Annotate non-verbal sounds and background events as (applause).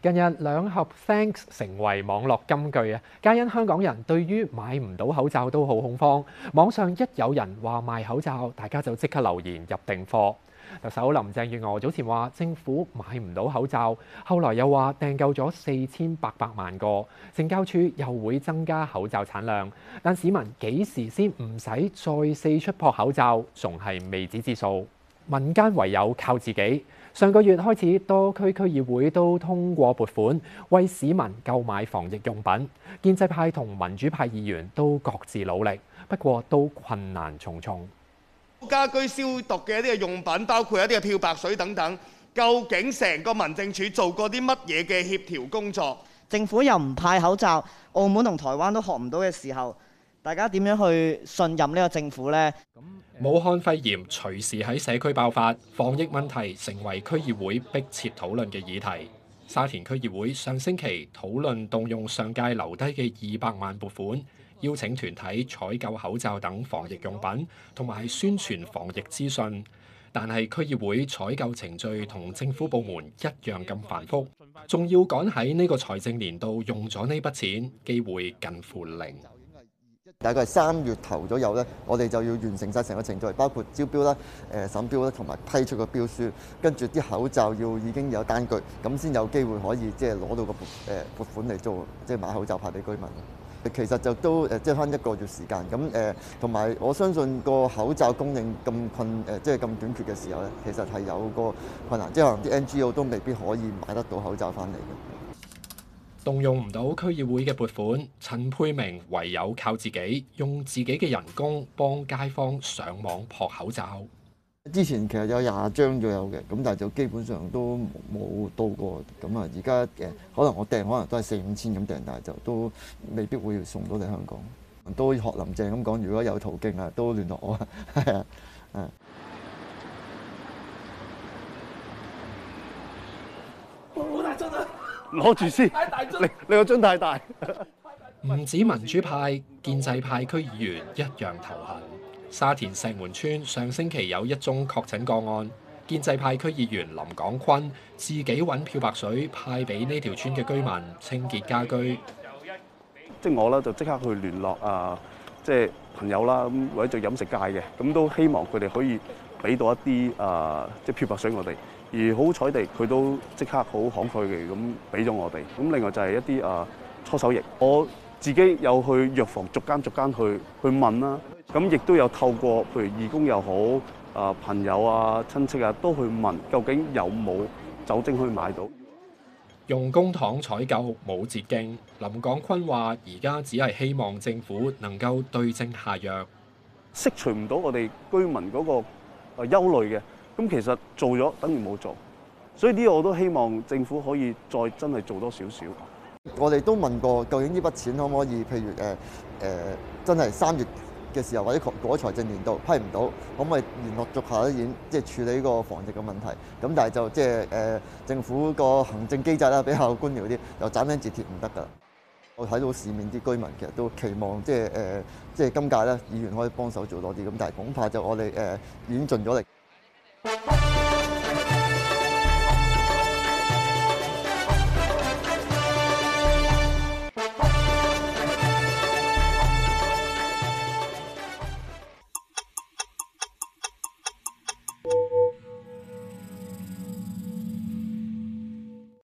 近日兩盒 thanks 成為網絡金句啊！皆因香港人對於買唔到口罩都好恐慌，網上一有人話賣口罩，大家就即刻留言入訂貨。特首林鄭月娥早前話政府買唔到口罩，後來又話訂購咗四千八百萬個，懲教署又會增加口罩產量，但市民幾時先唔使再四出撲口罩，仲係未知之數。民間唯有靠自己。上個月開始，多區區議會都通過撥款為市民購買防疫用品。建制派同民主派議員都各自努力，不過都困難重重。家居消毒嘅一啲嘅用品，包括一啲嘅漂白水等等，究竟成個民政處做過啲乜嘢嘅協調工作？政府又唔派口罩，澳門同台灣都學唔到嘅時候。大家點樣去信任呢個政府呢？武漢肺炎隨時喺社區爆發，防疫問題成為區議會迫切討論嘅議題。沙田區議會上星期討論動用上屆留低嘅二百萬撥款，邀請團體採購口罩等防疫用品同埋宣傳防疫資訊。但係區議會採購程序同政府部門一樣咁繁複，仲要趕喺呢個財政年度用咗呢筆錢，機會近乎零。大概三月頭左右咧，我哋就要完成晒成個程序，包括招標啦、誒審標啦，同埋批出個標書，跟住啲口罩要已經有單據，咁先有機會可以即係攞到個誒撥款嚟做，即係買口罩派俾居民。其實就都誒，即係翻一個月時間咁誒，同埋我相信個口罩供應咁困，誒即係咁短缺嘅時候咧，其實係有個困難，即係可能啲 NGO 都未必可以買得到口罩翻嚟嘅。動用唔到區議會嘅撥款，陳佩明唯有靠自己，用自己嘅人工幫街坊上網撲口罩。之前其實有廿張左右嘅，咁但係就基本上都冇到過。咁啊，而家誒可能我訂可能都係四五千咁訂，但係就都未必會送到嚟香港。都學林鄭咁講，如果有途徑啊，都聯絡我， (laughs) 我啊。啊！我我真攞住先，你你個樽太大。唔 (laughs) 止民主派、建制派區議員一樣頭痕。沙田石門村上星期有一宗確診個案，建制派區議員林港坤自己揾漂白水派俾呢條村嘅居民清潔家居。即我咧就即刻去聯絡啊、呃，即朋友啦咁，或者做飲食界嘅，咁都希望佢哋可以俾到一啲啊、呃，即漂白水我哋。而好彩地，佢都即刻好慷慨地咁俾咗我哋。咁另外就係一啲啊搓手液，我自己有去藥房逐間逐間去去問啦。咁、啊、亦都有透過譬如義工又好啊朋友啊親戚啊都去問，究竟有冇酒精可以買到？用公帑採購冇捷徑。林廣坤話：而家只係希望政府能夠對症下藥，釋除唔到我哋居民嗰個啊憂慮嘅。咁其實做咗等於冇做，所以呢個我都希望政府可以再真係做多少少。我哋都問過究竟呢筆錢可唔可以，譬如誒誒、呃、真係三月嘅時候或者嗰財政年度批唔到，可唔可以延落續下一年即係處理呢個防疫嘅問題？咁但係就即係誒政府個行政機制啦，比較官僚啲，又斬釘截鐵唔得㗎。我睇到市面啲居民其實都期望即係誒、呃、即係今屆咧，議員可以幫手做多啲。咁但係恐怕就我哋誒、呃、已經盡咗力。